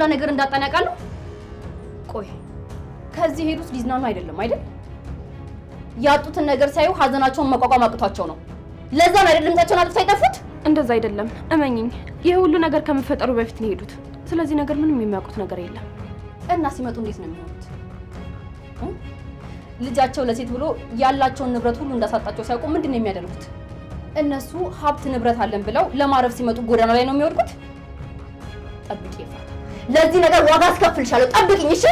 ሁላ ነገር እንዳጠናቃሉ። ቆይ ከዚህ ሄዱት ሊዝናኑ አይደለም አይደል? ያጡትን ነገር ሳይው ሀዘናቸውን መቋቋም አቅቷቸው ነው። ለዛ ነው አይደለም ታቸውን አጥፍታ አይጠፉት። እንደዛ አይደለም እመኝኝ። ይህ ሁሉ ነገር ከመፈጠሩ በፊት ነው የሄዱት። ስለዚህ ነገር ምንም የሚያውቁት ነገር የለም። እና ሲመጡ እንዴት ነው የሚሆኑት? ልጃቸው ለሴት ብሎ ያላቸውን ንብረት ሁሉ እንዳሳጣቸው ሲያውቁ ምንድን ነው የሚያደርጉት? እነሱ ሀብት ንብረት አለን ብለው ለማረፍ ሲመጡ ጎዳና ላይ ነው የሚወድቁት። ለዚህ ነገር ዋጋ አስከፍልሻለሁ። ጠብቅኝ እሺ።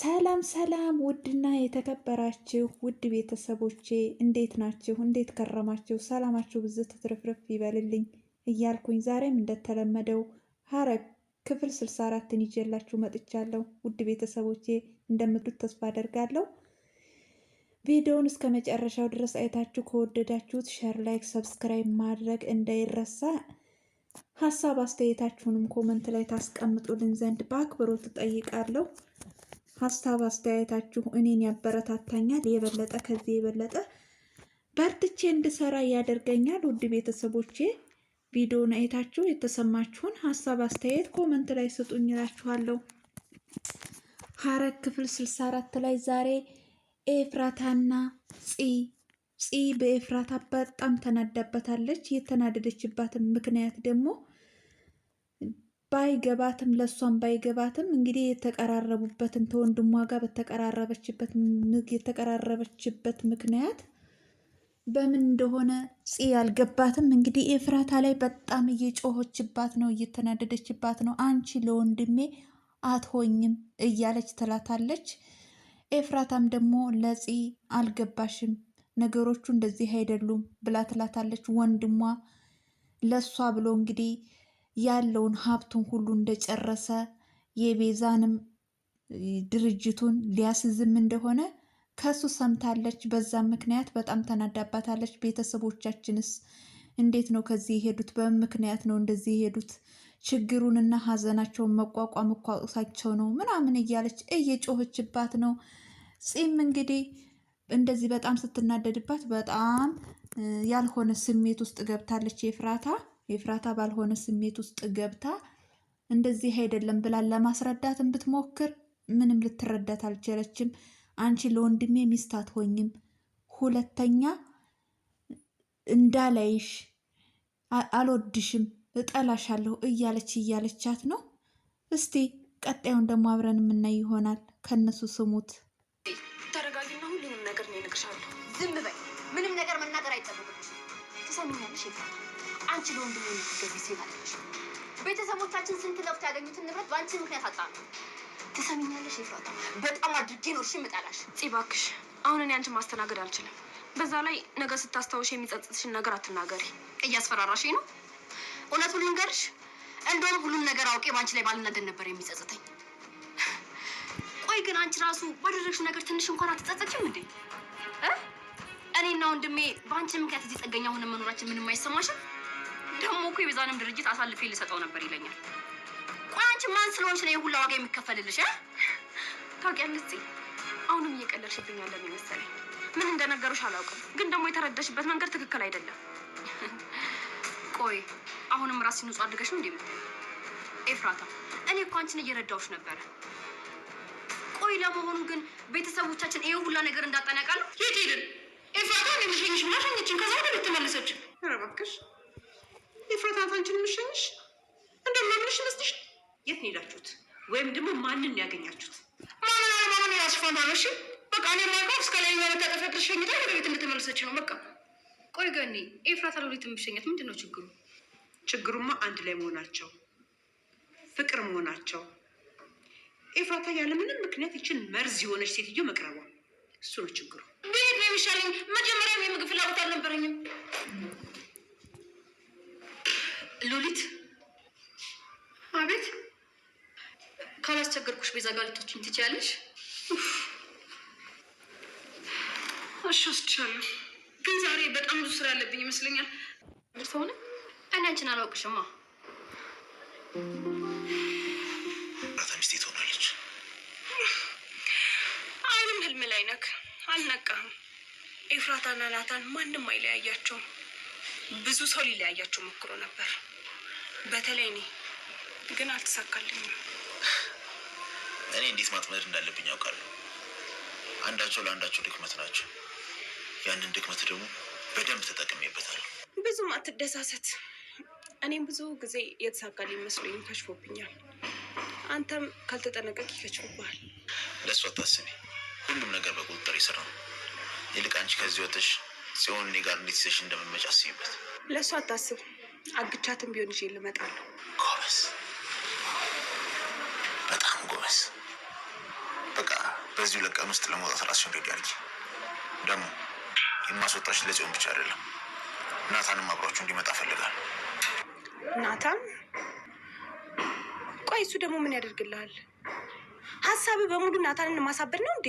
ሰላም ሰላም! ውድና የተከበራችሁ ውድ ቤተሰቦቼ እንዴት ናችሁ? እንዴት ከረማችሁ? ሰላማችሁ ብዝት ትርፍርፍ ይበልልኝ እያልኩኝ ዛሬም እንደተለመደው ሐረግ ክፍል ስልሳ አራትን ይዤላችሁ መጥቻለሁ። ውድ ቤተሰቦቼ እንደምትሉት ተስፋ አደርጋለሁ። ቪዲዮውን እስከ መጨረሻው ድረስ አይታችሁ ከወደዳችሁት ሸር፣ ላይክ፣ ሰብስክራይብ ማድረግ እንዳይረሳ ሀሳብ አስተያየታችሁንም ኮመንት ላይ ታስቀምጡልን ዘንድ በአክብሮት ትጠይቃለሁ። ሀሳብ አስተያየታችሁ እኔን ያበረታታኛል። የበለጠ ከዚህ የበለጠ በርትቼ እንድሰራ ያደርገኛል። ውድ ቤተሰቦቼ ቪዲዮን አይታችሁ የተሰማችሁን ሀሳብ አስተያየት ኮመንት ላይ ስጡኝ እላችኋለሁ። ሀረግ ክፍል ስልሳ አራት ላይ ዛሬ ኤፍራታና ፂ ፂ በኤፍራታ በጣም ተናዳበታለች። የተናደደችባትም ምክንያት ደግሞ ባይገባትም ለእሷም ባይገባትም እንግዲህ የተቀራረቡበትን ተወንድሟ ጋር የተቀራረበችበት ምክንያት በምን እንደሆነ ፂ ያልገባትም እንግዲህ ኤፍራታ ላይ በጣም እየጮሆችባት ነው፣ እየተናደደችባት ነው። አንቺ ለወንድሜ አትሆኝም እያለች ትላታለች። ኤፍራታም ደግሞ ለፂ አልገባሽም ነገሮቹ እንደዚህ አይደሉም ብላ ትላታለች። ወንድሟ ለሷ ብሎ እንግዲህ ያለውን ሀብቱን ሁሉ እንደጨረሰ የቤዛንም ድርጅቱን ሊያስዝም እንደሆነ ከሱ ሰምታለች። በዛ ምክንያት በጣም ተናዳባታለች። ቤተሰቦቻችንስ እንዴት ነው ከዚህ የሄዱት? በምን ምክንያት ነው እንደዚህ የሄዱት? ችግሩንና ሀዘናቸውን መቋቋም እኳሳቸው ነው ምናምን እያለች እየጮህችባት ነው ፂም እንግዲህ እንደዚህ በጣም ስትናደድባት በጣም ያልሆነ ስሜት ውስጥ ገብታለች። የፍራታ የፍራታ ባልሆነ ስሜት ውስጥ ገብታ እንደዚህ አይደለም ብላ ለማስረዳት ብትሞክር ምንም ልትረዳት አልቻለችም። አንቺ ለወንድሜ ሚስት አትሆኝም፣ ሁለተኛ እንዳላይሽ አልወድሽም፣ እጠላሻለሁ እያለች እያለቻት ነው። እስቲ ቀጣዩን ደግሞ አብረን የምናይ ይሆናል። ከእነሱ ስሙት። ዝም በይ። ምንም ነገር መናገር አይጠበቅብሽ። ትሰሚኛለሽ? አንቺ ለወንድ የምትገቢ ሴት አለች። ቤተሰቦቻችን ስንት ለፍቶ ያገኙትን ንብረት በአንቺ ምክንያት አጣ ነው። ትሰሚኛለሽ? ይፍራታ በጣም አድርጌ ነው እሺ የምጠላሽ። አሁን እኔ አንቺን ማስተናገድ አልችልም። በዛ ላይ ነገር ስታስታውሽ የሚጸጽትሽን ነገር አትናገሪ። እያስፈራራሽ ነው። እውነቱን ልንገርሽ፣ እንደውም ሁሉም ነገር አውቄ በአንቺ ላይ ባልናደድ ነበር የሚጸጽተኝ። ቆይ ግን አንቺ ራሱ ባደረግሽው ነገር ትንሽ እንኳን አትጸጸችም እንዴ? እኔና ወንድሜ በአንቺ ምክንያት እዚህ ጥገኛ ሆነ መኖራችን ምንም አይሰማሽም? ደግሞ እኮ የቤዛንም ድርጅት አሳልፌ ልሰጠው ነበር ይለኛል። ቆይ አንቺ ማን ስለሆንሽ ነው የሁላ ዋጋ የሚከፈልልሽ? ታውቂያለሽ፣ አሁንም እየቀለድሽብኝ ያለ ይመስለኝ። ምን እንደነገሩሽ አላውቅም፣ ግን ደግሞ የተረዳሽበት መንገድ ትክክል አይደለም። ቆይ አሁንም ራስ ንጹህ አድርገሽ ነው ኤፍራታ፣ እኔ እኮ አንቺን እየረዳሁሽ ነበረ። ቆይ ለመሆኑ ግን ቤተሰቦቻችን ይሄ ሁላ ነገር እንዳጠናቀ ልጅ ልጅ ብላ ሸኘችን። ከዛ ወደ ቤት ተመለሰች። ኧረ እባክሽ ኤፍራታ ናት አንቺን የምትሸኝሽ? እንደማምንሽ ይመስልሽ? የት ነው የሄዳችሁት? ወይም ደግሞ ማንን ነው ያገኛችሁት? ማንን አለማመን ያስፋና ነው። እሺ በቃ እኔ ማቀ እስከ ላይ መታጠፊያ ሸኝታ ወደ ቤት እንደተመለሰች ነው በቃ። ቆይ ገኒ ኤፍራታ ለወዴት የምትሸኛት ምንድን ነው ችግሩ? ችግሩማ አንድ ላይ መሆናቸው ፍቅር መሆናቸው ኤፍራታ ያለምንም ምክንያት ይችን መርዝ የሆነች ሴትዮ መቅረቧ እሱ ነው ችግሩ። ይሻለኝ። መጀመሪያም የምግብ ፍላጎት አልነበረኝም። ሉሊት፣ አቤት። ካላስቸገርኩሽ ቤዛ ጋር ትችያለሽ? እሺ፣ ወስድሻለሁ። ግን ዛሬ በጣም ብዙ ስራ ያለብኝ ይመስለኛል። ሰሆነ እኔ አንቺን አላውቅሽማ። ሚስቴ ትሆናለች። አሁንም ህልም ላይ ነክ አልነቃህም? ኤፍራታና ናታን ማንም አይለያያቸውም። ብዙ ሰው ሊለያያቸው ሞክሮ ነበር፣ በተለይ እኔ ግን አልተሳካልኝም። እኔ እንዴት ማጥመድ እንዳለብኝ ያውቃለሁ። አንዳቸው ለአንዳቸው ድክመት ናቸው። ያንን ድክመት ደግሞ በደንብ ተጠቅሜበታል። ብዙም አትደሳሰት። እኔም ብዙ ጊዜ የተሳካልኝ መስሎኝ ከሽፎብኛል። አንተም ካልተጠነቀቅ ይከሽፍብሃል። ለእሱ አታስቢ። ሁሉም ነገር በቁጥጥር ስር ነው። ይልቅ አንቺ ከዚህ ወጥሽ ጽዮን እኔ ጋር እንዴት ይዘሽ እንደምንመጪ አስቢበት። ለእሱ አታስብ፣ አግቻትም ቢሆን ይዤ ልመጣለሁ። ጎበዝ፣ በጣም ጎበዝ። በቃ በዚሁ ለቀን ውስጥ ለመውጣት ራስሽን ሬዲ አድርጊ። ደግሞ የማስወጣሽ ለጽዮን ብቻ አይደለም፣ ናታንም አብሯችሁ እንዲመጣ ፈልጋል። ናታን? ቆይ እሱ ደግሞ ምን ያደርግልሃል? ሀሳብ በሙሉ ናታንን ማሳበድ ነው እንዴ?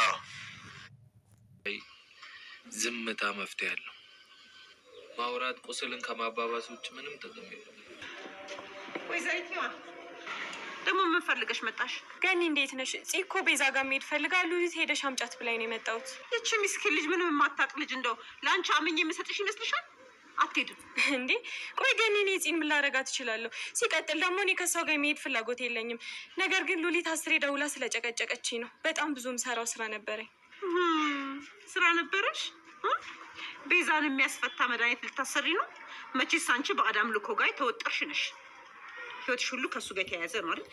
አዎ ዝምታ መፍትሄ አለው። ማውራት ቁስልን ከማባባስ ውጭ ምንም ጥቅም ደግሞ ምን ፈልገሽ መጣሽ? ገኒ እንዴት ነሽ? ጽኮ ቤዛ ጋር መሄድ ፈልጋሉ። ሄደሽ አምጫት ብላኝ ነው የመጣሁት። ይቺ ምስኪን ልጅ ምንም የማታውቅ ልጅ እንደው ለአንቺ አምኜ የምሰጥሽ ይመስልሻል? አትሄድም እንዴ? ቆይ ገኒ እኔ ፂን ምን ላደርጋት እችላለሁ? ሲቀጥል ደግሞ እኔ ከሰው ጋር የመሄድ ፍላጎት የለኝም። ነገር ግን ሉሊት አስሬ ደውላ ስለጨቀጨቀችኝ ነው። በጣም ብዙም ሰራው ስራ ነበረኝ። ስራ ነበረሽ? ቤዛን የሚያስፈታ መድኃኒት ልታሰሪ ነው? መቼስ አንቺ በአዳም ልኮ ጋር ተወጠርሽ ነሽ። ህይወትሽ ሁሉ ከእሱ ጋር የተያያዘ ነው አይደል?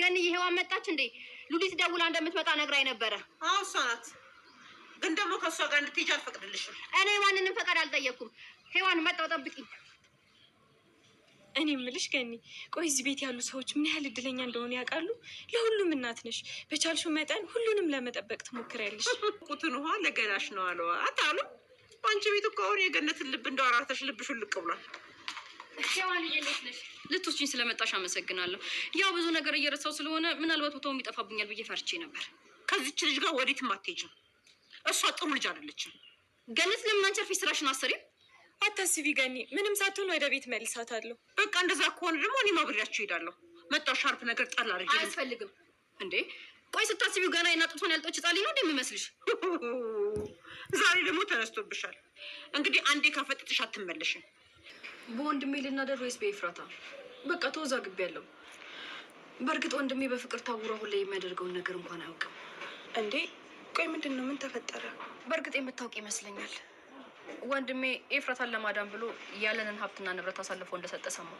ግን ሔዋን መጣች እንዴ? ሉሊት ደውላ እንደምትመጣ ነግራኝ ነበረ። አዎ እሷ ናት። ግን ደግሞ ከእሷ ጋር እንድትሄጂ አልፈቅድልሽም። እኔ ማንንም ፈቃድ አልጠየቅኩም። ሄዋን መጣው ጠብቂኝ። እኔ ምልሽ ገኒ፣ ቆይ እዚህ ቤት ያሉ ሰዎች ምን ያህል እድለኛ እንደሆኑ ያውቃሉ? ለሁሉም እናት ነሽ። በቻልሽው መጠን ሁሉንም ለመጠበቅ ትሞክሪያለሽ። ቁትን ውሃ ለገላሽ ነው አለ አታሉ። በአንቺ ቤት እኮ አሁን የገነትን ልብ እንደ አራተሽ ልብሽ ልቅ ብሏል። ልትወስጂኝ ስለመጣሽ አመሰግናለሁ። ያው ብዙ ነገር እየረሳው ስለሆነ ምናልባት ቦታውም ይጠፋብኛል ብዬ ፈርቼ ነበር። ከዚች ልጅ ጋር ወዴትም አትሄጂም። እሷ ጥሩ ልጅ አይደለችም። ገነት፣ ለምን አንቺ አርፌ ስራሽን አሰሪም አታስቢ ገኒ፣ ምንም ሳትሆን ወደ ቤት መልሳታለሁ። በቃ እንደዛ ከሆነ ደግሞ እኔ ማብሪያቸው ሄዳለሁ። መጣው ሻርፕ ነገር ጣል አድርጌ አያስፈልግም እንዴ ቆይ ስታስቢው ገና የናጡትን ያልጦች ጻሊ ነው እንደሚመስልሽ። ዛሬ ደግሞ ተነስቶብሻል። እንግዲህ አንዴ ካፈጥጥሽ አትመለሽም። በወንድሜ ልናደር ወይስ በኤፍራታ? በቃ ያለው በእርግጥ ወንድሜ በፍቅር ታውሮ አሁን ላይ የሚያደርገውን ነገር እንኳን አያውቅም። እንዴ ቆይ ምንድን ነው? ምን ተፈጠረ? በእርግጥ የምታውቅ ይመስለኛል ወንድሜ ኤፍራታን ለማዳን ብሎ ያለንን ሀብትና ንብረት አሳልፎ እንደሰጠ ሰማሁ።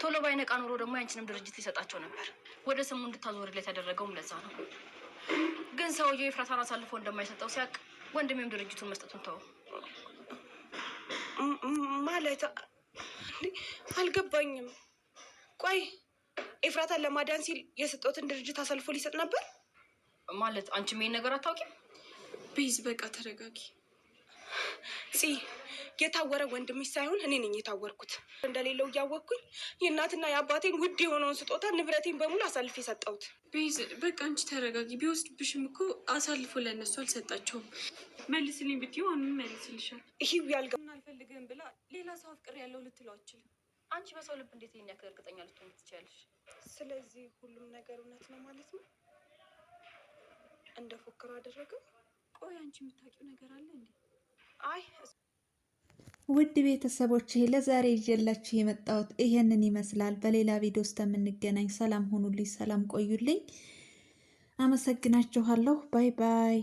ቶሎ ባይነቃ ኑሮ ደግሞ ያንችንም ድርጅት ሊሰጣቸው ነበር። ወደ ስሙ እንድታዞርለት ያደረገውም ለዛ ነው። ግን ሰውዬው ኤፍራታን አሳልፎ እንደማይሰጠው ሲያውቅ ወንድሜም ድርጅቱን መስጠቱን ተው። ማለት አልገባኝም። ቆይ ኤፍራታን ለማዳን ሲል የሰጠትን ድርጅት አሳልፎ ሊሰጥ ነበር ማለት? አንቺም ይሄን ነገር አታውቂም? ቤዝ፣ በቃ ተረጋጊ። ሲ የታወረ ወንድምሽ ሳይሆን እኔ ነኝ የታወርኩት። እንደሌለው እያወቅኩኝ የእናትና የአባቴን ውድ የሆነውን ስጦታ ንብረቴን በሙሉ አሳልፍ የሰጠሁት። ቤዝ በቃ አንቺ ተረጋጊ። ቢወስድብሽም እኮ አሳልፎ ለእነሱ አልሰጣቸውም። መልስልኝ ብትይው አሁንም መልስልሻል። ይሄው ያልጋ አልፈልግህም ብላ ሌላ ሰው አፍቅር ያለው ልትለው አችልም። አንቺ በሰው ልብ እንዴት ይሄን ያክል እርግጠኛ ልትሆን ትችላለሽ? ስለዚህ ሁሉም ነገር እውነት ነው ማለት ነው። እንደ ፎከሩ አደረገው። ቆይ አንቺ የምታውቂው ነገር አለ እንዴ? አይ ውድ ቤተሰቦች ለዛሬ ይዤላችሁ የመጣሁት ይሄንን ይመስላል። በሌላ ቪዲዮ ውስጥ የምንገናኝ። ሰላም ሁኑልኝ፣ ሰላም ቆዩልኝ። አመሰግናችኋለሁ። ባይ ባይ